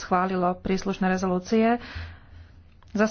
schválilo príslušné rezolúcie.